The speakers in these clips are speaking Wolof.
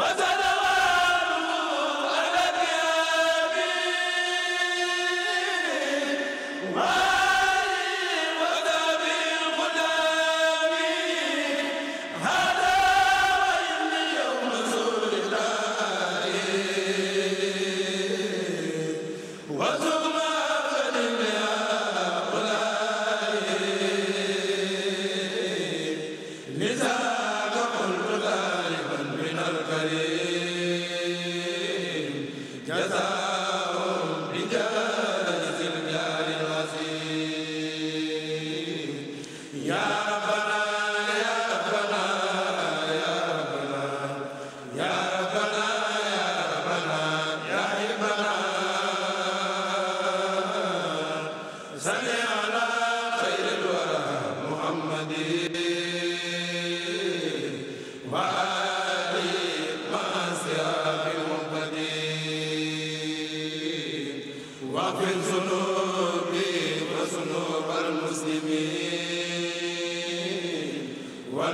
wa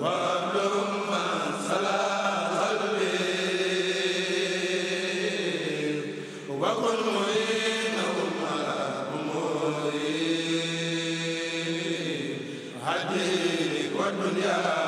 Wa dunya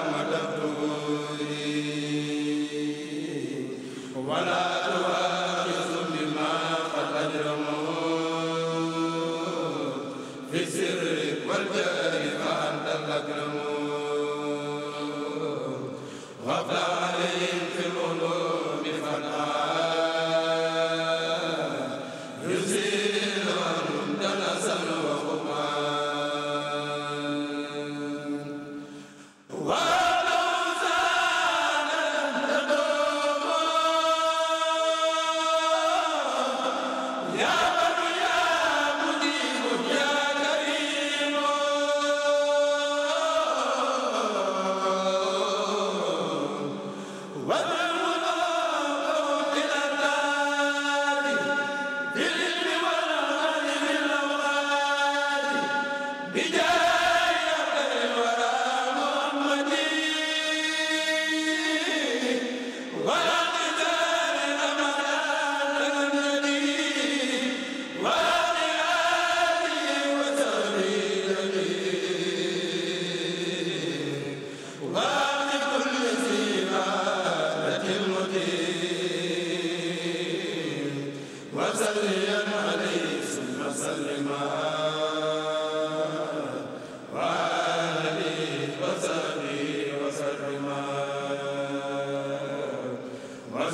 ija